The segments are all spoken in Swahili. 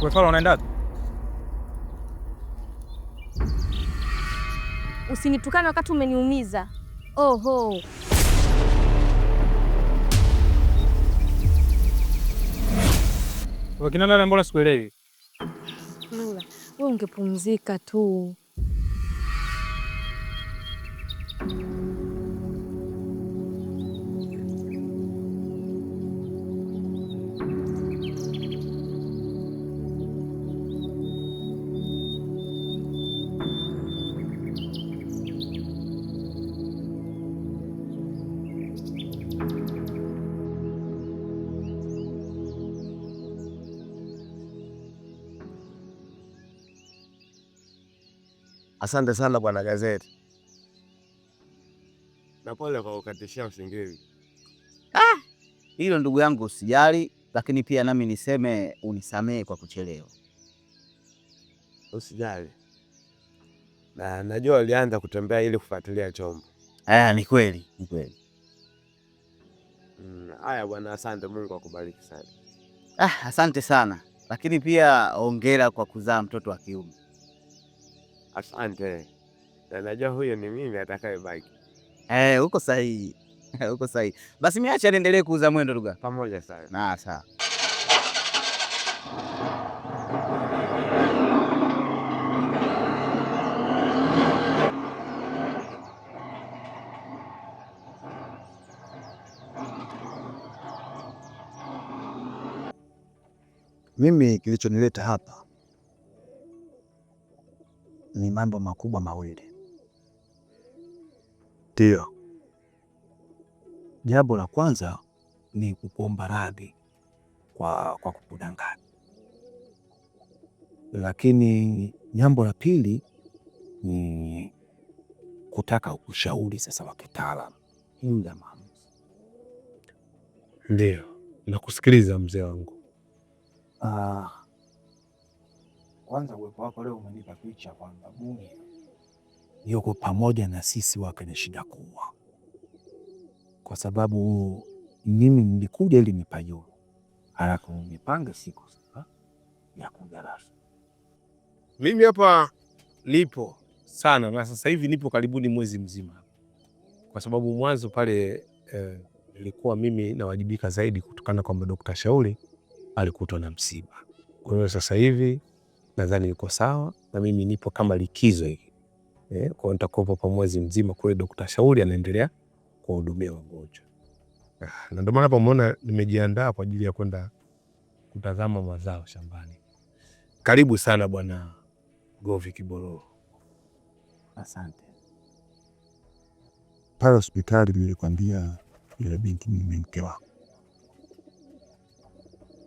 Kwefala, unaendaje? Usinitukane wakati umeniumiza. Oho. Wakina dada, mbona sikuelewi? Nura, wewe ungepumzika tu. Asante sana bwana gazeti, na pole kwa kukatishia usingizi. Ah, hilo ndugu yangu usijali, lakini pia nami niseme unisamehe kwa kuchelewa. Usijali, na najua ulianza kutembea ili kufuatilia chombo. Ah, ni kweli, ni kweli. Haya, mm, bwana asante. Mungu akubariki sana. Ah, asante sana lakini pia ongera kwa kuzaa mtoto wa kiume. Asante, najua huyo ni mimi atakayebaki. Eh, uko sahihi, uko sahihi. Basi miache niendelee kuuza mwendo lugha pamoja sana. Na sawa. Mimi kilichonileta hapa ni mambo makubwa mawili. Ndio, jambo la kwanza ni kukuomba radhi kwa, kwa kukudanganya, lakini jambo la pili ni kutaka ushauri sasa wa kitaalamu ya maamuzi. Ndio, nakusikiliza mzee wangu. Uh, kwanza uwepo wako leo umenipa picha kwamba Bunge yuko pamoja na sisi wake na shida kubwa, kwa sababu mimi nilikuja ili nipajue, halafu nipange siku sasa ya kuja rasmi. Mimi hapa nipo sana na sasa hivi nipo karibuni mwezi mzima, kwa sababu mwanzo pale eh, mimi nawajibika zaidi kutokana kwamba Dokta Shauri alikutwa na msiba. Kwa hiyo sasa hivi nadhani yuko sawa na mimi nipo kama likizo hii eh, kwao nitakuwepo kwa mwezi mzima kule. Dokta Shauri anaendelea kuwahudumia wagonjwa ah, na ndio maana pameona nimejiandaa kwa ajili ya kwenda kutazama mazao shambani. Karibu sana Bwana Govi Kibororo. Asante. Pale hospitali nilikwambia yule binti ni mke wako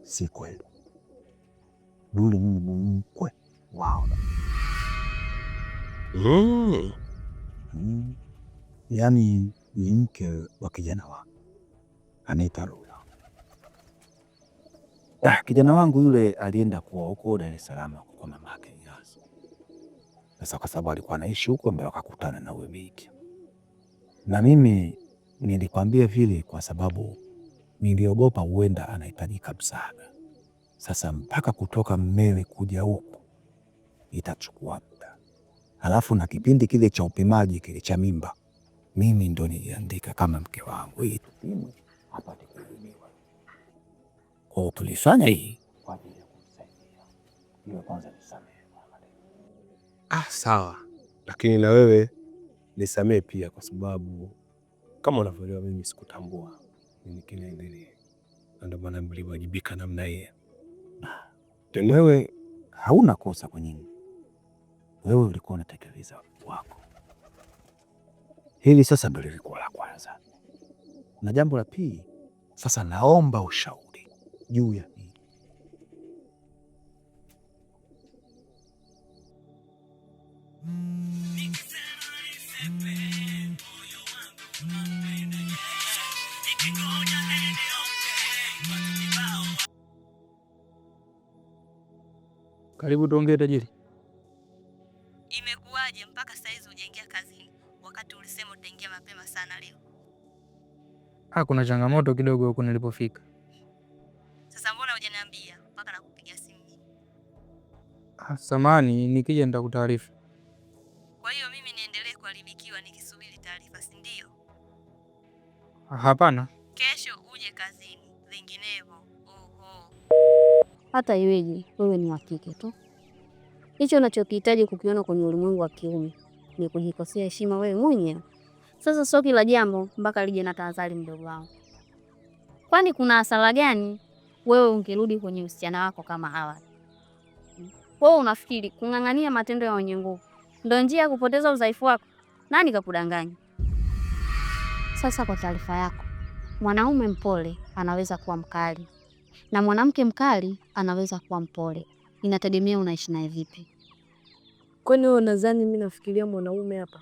si kweli. Yule mimi ni mkwe wao. Mm. Mm. Yaani ni mke wa kijana wangu anaitwa Lula. Ah, kijana wangu yule alienda kuwa huko Dar es Salaam kwa mamake Yasu. Sasa kwa sababu alikuwa anaishi huko ndio akakutana na wewe Biki. Na mimi nilikwambia vile kwa sababu niliogopa huenda anahitajika msaada. Sasa mpaka kutoka Mmewe kuja huku itachukua muda, alafu na kipindi kile cha upimaji kile cha mimba, mimi ndo niliandika kama mke wangu hii tupimwe apate kuhudumiwa. Kwa tulifanya hii kwa ajili ya kumsaidia iwe kwanza nisamehe. Ah, sawa, lakini na wewe nisamehe pia, kwa sababu kama unavyoelewa mimi sikutambua ndio maana mliwajibika namna hiyo. Wewe hauna kosa kwa nyinyi, wewe ulikuwa unatekeleza wajibu wako. Hili sasa ndio lilikuwa la kwanza, na jambo la pili sasa, naomba ushauri juu ya hili. Mm. Karibu tuongee tajiri. Imekuwaje mpaka sasa hizi hujaingia kazini wakati ulisema utaingia mapema sana leo? Ah, kuna changamoto kidogo huko nilipofika. Sasa mbona hujaniambia mpaka nakupigia simu Ah, samani nikija nitakutaarifu. Kwa hiyo mimi niendelee kuharibikiwa nikisubiri taarifa, si ndio? Ah, hapana. hata iweje, wewe ni wa kike tu. Hicho unachokihitaji kukiona kwenye ulimwengu wa kiume ni kujikosea heshima wewe mwenyewe. Sasa sio kila jambo mpaka lije na tahadhari, mdogo wangu, kwani kuna hasara gani wewe ungerudi kwenye usichana wako kama awali? Wewe unafikiri kung'ang'ania matendo ya wenye nguvu ndio njia ya kupoteza udhaifu wako? Nani kakudanganya? Sasa kwa taarifa yako, mwanaume mpole anaweza kuwa mkali na mwanamke mkali anaweza kuwa mpole, inategemea unaishi naye vipi. Kwani wewe unadhani mimi nafikiria mwanaume hapa?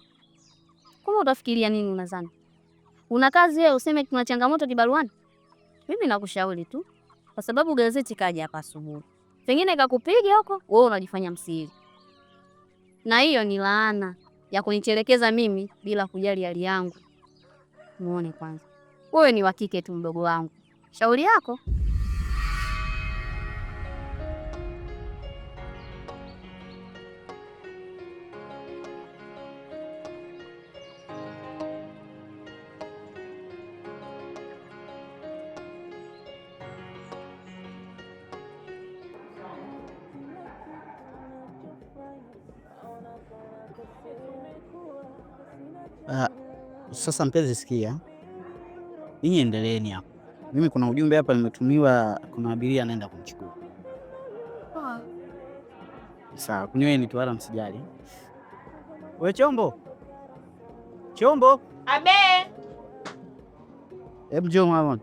Kama utafikiria nini? Unadhani una kazi wewe, useme kuna changamoto kibaruani? Mimi nakushauri tu, kwa sababu gazeti kaja hapa asubuhi, pengine ikakupiga huko, wewe unajifanya msiri, na hiyo ni laana ya kunitelekeza mimi bila kujali hali yangu. Muone kwanza, wewe ni wa kike tu, mdogo wangu, shauri yako. Uh, sasa mpenzi, sikia, ninyi endeleeni hapo. Mimi kuna ujumbe hapa nimetumiwa, kuna abiria anaenda kumchukua. Ah. Sawa, kunyweni tu wala msijali. We chombo chombo, abe, hebu njoo mama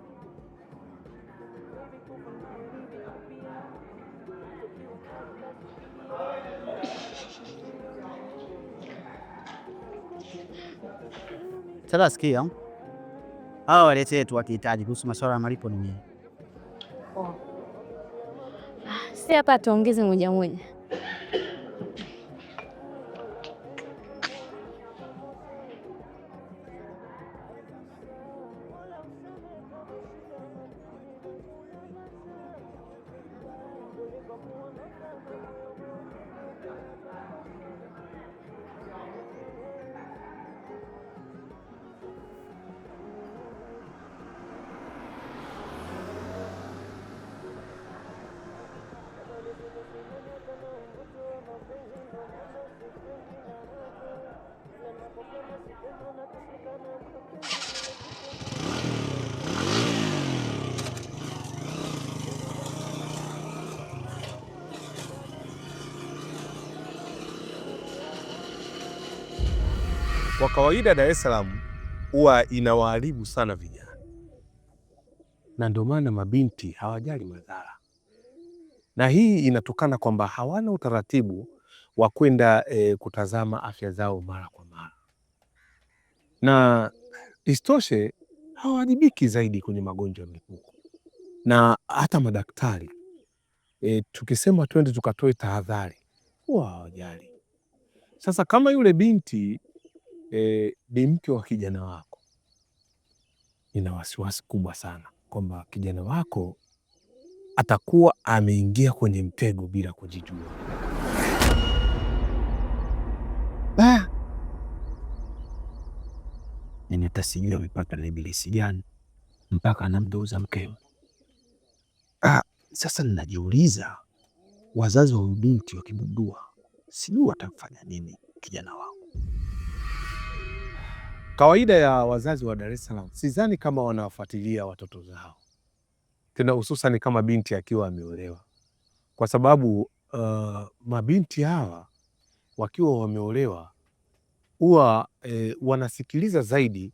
sikia, hawa waletee tu wakihitaji kuhusu masuala ya malipo ni nini? Oh. Ah, si hapa tuongeze moja moja Kwa kawaida Dar es Salaam huwa inawaharibu sana vijana, na ndio maana mabinti hawajali madhara, na hii inatokana kwamba hawana utaratibu wa kwenda e, kutazama afya zao mara kwa mara, na istoshe hawajibiki zaidi kwenye magonjwa ya mlipuko na hata madaktari e, tukisema twende tukatoe tahadhari huwa hawajali. Sasa kama yule binti e, ni mke wa kijana wako, nina wasiwasi kubwa sana kwamba kijana wako atakuwa ameingia kwenye mtego bila kujijua. Hata sijui amepata na ibilisi gani mpaka anamdouza mkewe. Ah, sasa ninajiuliza wazazi wa binti wakigundua, sijui watamfanya nini kijana wangu. Kawaida ya wazazi wa Dar es Salaam sidhani kama wanawafuatilia watoto zao tena, hususani kama binti akiwa ameolewa, kwa sababu uh, mabinti hawa wakiwa wameolewa huwa e, wanasikiliza zaidi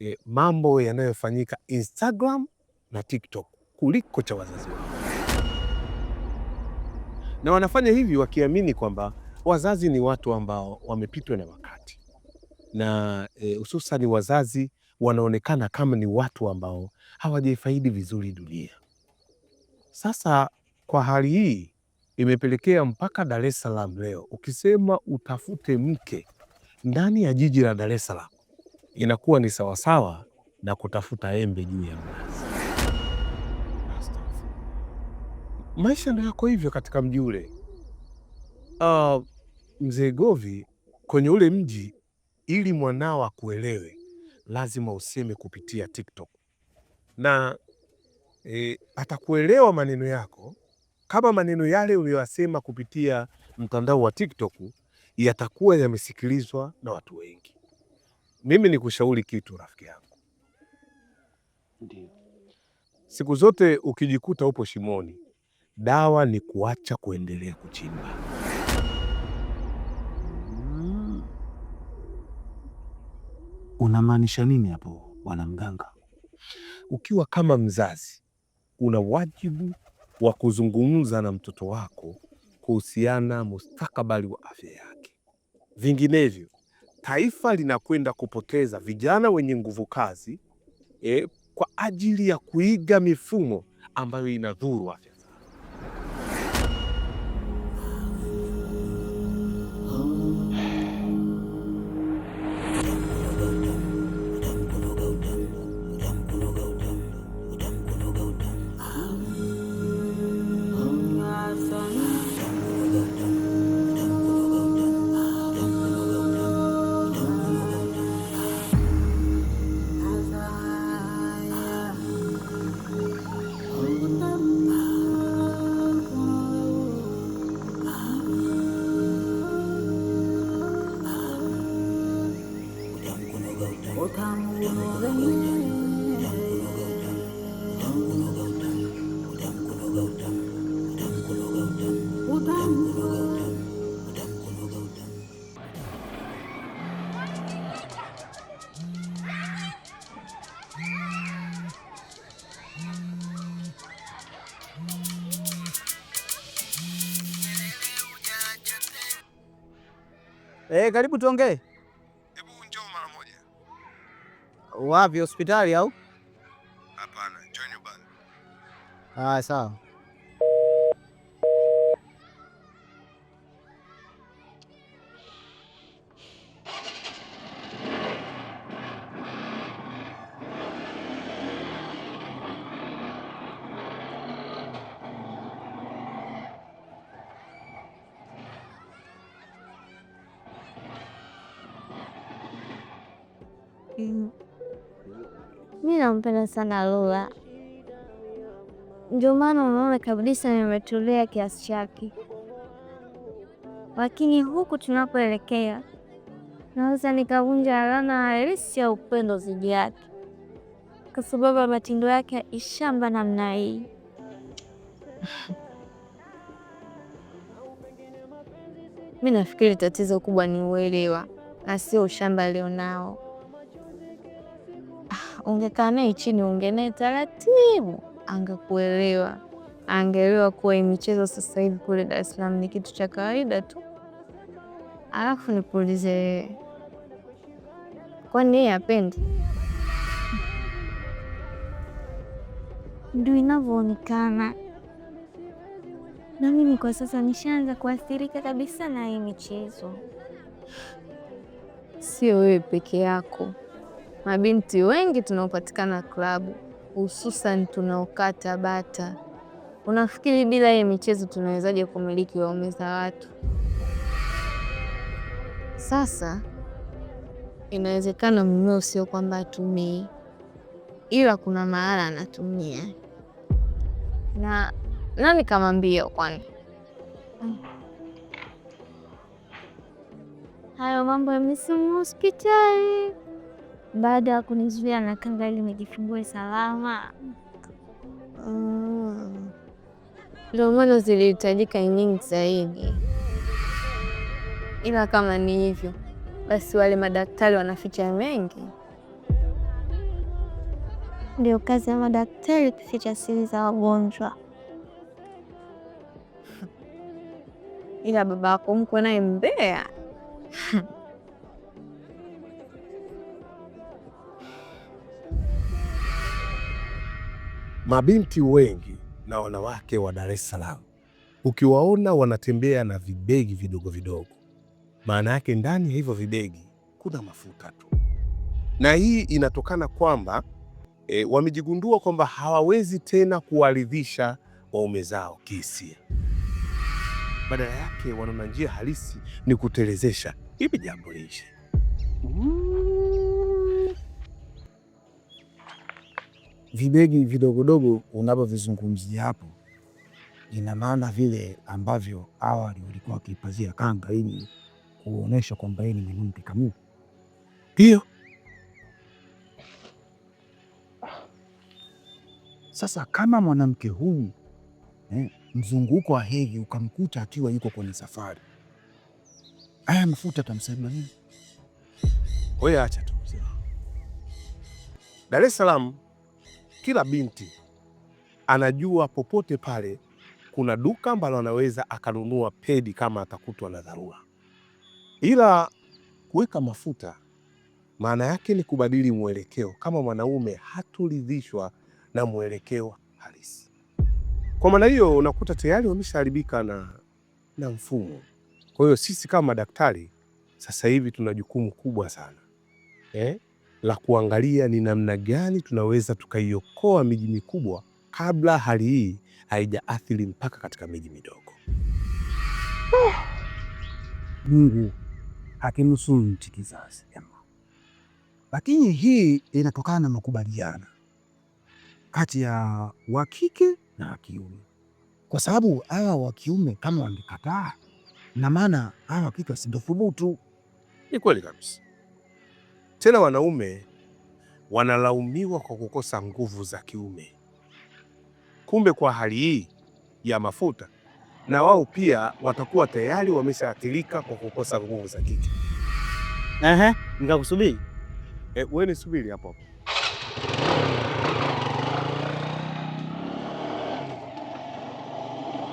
e, mambo yanayofanyika Instagram na TikTok kuliko cha wazazi wao, na wanafanya hivi wakiamini kwamba wazazi ni watu ambao wamepitwa na wakati na hususan e, wazazi wanaonekana kama ni watu ambao hawajaifaidi vizuri dunia. Sasa kwa hali hii imepelekea mpaka Dar es Salaam leo ukisema utafute mke ndani ya jiji la Dar es Salaam inakuwa ni sawasawa na kutafuta embe juu ya mnazi. Maisha ndo yako hivyo katika mji ule. Uh, mzee Govi kwenye ule mji ili mwanao akuelewe, lazima useme kupitia TikTok na e, atakuelewa maneno yako kama maneno yale uliyoyasema kupitia mtandao wa TikTok yatakuwa yamesikilizwa na watu wengi. Mimi ni kushauri kitu rafiki yangu, siku zote ukijikuta upo shimoni, dawa ni kuacha kuendelea kuchimba. Unamaanisha nini hapo bwana mganga? Ukiwa kama mzazi, una wajibu wa kuzungumza na mtoto wako kuhusiana mustakabali wa afya yake, vinginevyo taifa linakwenda kupoteza vijana wenye nguvu kazi eh, kwa ajili ya kuiga mifumo ambayo inadhuru afya. Eh, karibu tuongee. Hebu njoo mara moja. Wapi, hospitali au? Hapana, njoo nyumbani. Ah, sawa. Mi nampenda sana Lula, ndio maana unaona kabisa nimetulia kiasi chake, lakini huku tunapoelekea naweza nikavunja alana halisi ya upendo zidi yake, kwa sababu ya matindo yake ishamba namna hii. Mi nafikiri tatizo kubwa ni uelewa na sio ushamba alionao ungekaa naye chini, unge naye taratibu, angekuelewa, angeelewa kuwa michezo sasa hivi kule Dar es Salaam ni kitu cha kawaida tu. Alafu nikuulize, kwani yeye apendi Ndio inavyoonekana na mimi kwa sasa nishaanza kuathirika kabisa na hii michezo. Sio wewe peke yako, mabinti wengi tunaopatikana klabu, hususan tunaokata bata. Unafikiri bila hii michezo tunawezaje kumiliki waume za watu? Sasa inawezekana mume sio kwamba atumii, ila kuna mahala anatumia. Na nani kamwambia? Kwani hayo mambo yamesimu hospitali baada ya kunizuia na kanga ili nijifungue salama. Mm. ndio maana zilihitajika nyingi zaidi, ila kama ni hivyo basi, wale madaktari wanaficha mengi. Ndio kazi ya madaktari kuficha siri za wagonjwa. Ila baba yako mko naye mbea Mabinti wengi na wanawake wa Dar es Salaam ukiwaona wanatembea na vibegi vidogo vidogo, maana yake ndani ya hivyo vibegi kuna mafuta tu, na hii inatokana kwamba e, wamejigundua kwamba hawawezi tena kuwaridhisha waume zao kihisia, badala yake wanaona njia halisi ni kutelezesha hivi jambo liishe. vibegi vidogodogo unavyovizungumzia hapo, ina maana vile ambavyo awali walikuwa wakipazia kanga ili kuonyesha kwamba yeye ni mwanamke kamili. Hiyo sasa, kama mwanamke huyu eh, mzunguko wa hedhi ukamkuta akiwa yuko kwenye safari, haya mafuta tamsema nini? Wewe acha tu. Dar es Salaam kila binti anajua popote pale kuna duka ambalo anaweza akanunua pedi kama atakutwa na dharura. Ila kuweka mafuta maana yake ni kubadili mwelekeo, kama mwanaume haturidhishwa na mwelekeo halisi. Kwa maana hiyo unakuta tayari wameshaharibika na, na mfumo. Kwa hiyo sisi kama madaktari sasa hivi tuna jukumu kubwa sana eh? la kuangalia ni namna gani tunaweza tukaiokoa miji mikubwa kabla hali hii haijaathiri mpaka katika miji midogo. Mungu hakinusuru nchi kizazi, lakini hii inatokana na makubaliano kati ya wa kike na wa kiume, kwa sababu hawa wa kiume kama wangekataa, na maana hawa wa kike Ni kweli kabisa. Tena wanaume wanalaumiwa kwa kukosa nguvu za kiume. Kumbe kwa hali hii ya mafuta, na wao pia watakuwa tayari wameshaathirika kwa kukosa nguvu za kike. Ehe, nikakusubiri. Eh, wewe nisubiri hapo hapo.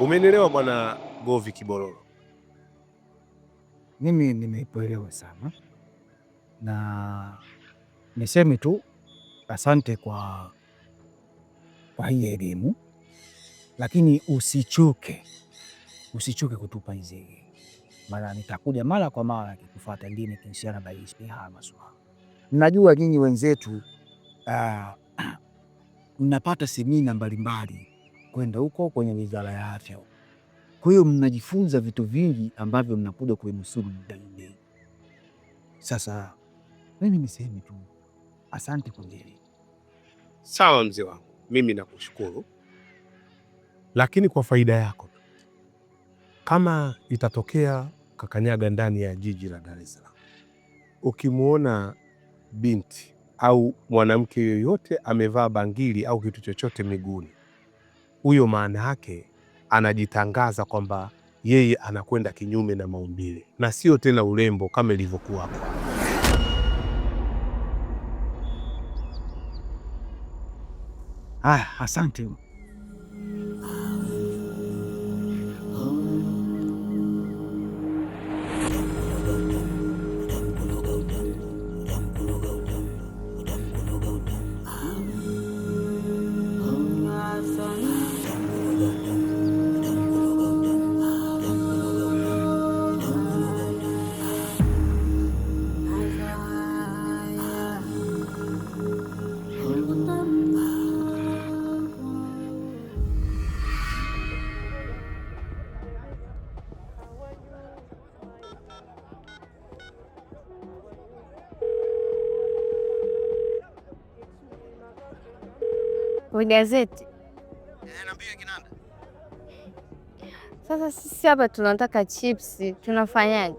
Umenielewa Bwana Govi Kibororo? Mimi nimeipoelewa sana na niseme tu asante kwa, kwa hii elimu, lakini usichuke, usichuke kutupa hizi mara nitakuja mara kwa mara kikufuata dini kinsiana na haya masuala. Najua nyinyi wenzetu uh, mnapata semina mbalimbali kwenda huko kwenye wizara ya afya, kwa hiyo mnajifunza vitu vingi ambavyo mnakuja kuvinusuru. Sasa mimi nisemi tu asante kwa hili. Sawa mzee wangu, mimi nakushukuru, lakini kwa faida yako tu, kama itatokea kakanyaga ndani ya jiji la Dar es Salaam ukimwona binti au mwanamke yoyote amevaa bangili au kitu chochote miguuni, huyo maana yake anajitangaza kwamba yeye anakwenda kinyume na maumbile na sio tena urembo kama ilivyokuwa hapo. Haya, asante. Kwa gazeti eh, sasa, sisi hapa tunataka chipsi, tunafanyaje?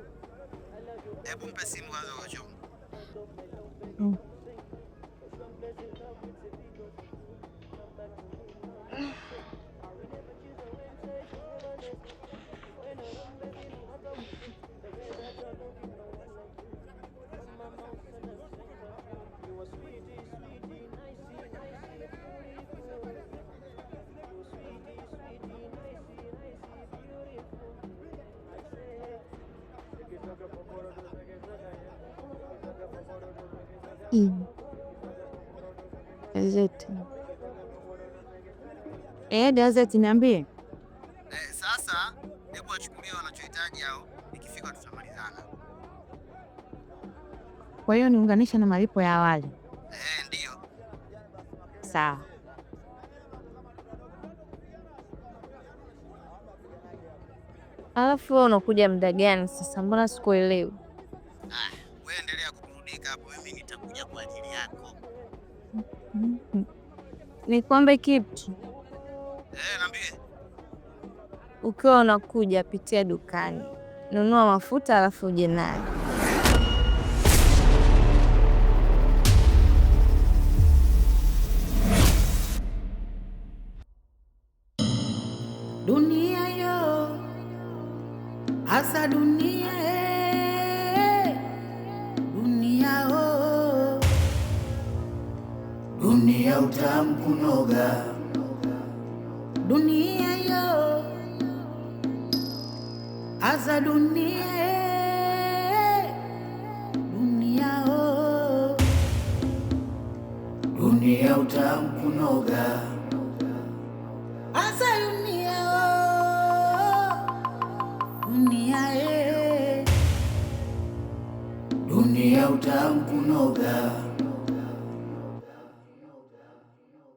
Gazeti. Eh, niambie. Eh, sasa hebu achukulie wanachohitaji hao, ikifika tutamalizana. Kwa hiyo niunganisha na malipo ya awali. Eh, ndio. Sawa. Alafu unakuja muda gani sasa? Mbona sikuelewi? Nikwambe kitu eh? Niambie. Ukiwa unakuja pitia dukani, nunua mafuta alafu uje nayo. Dunia yo, hasa dunia ya utamu kunoga. Dunia yo aza dunia e. dunia o dunia utamu kunoga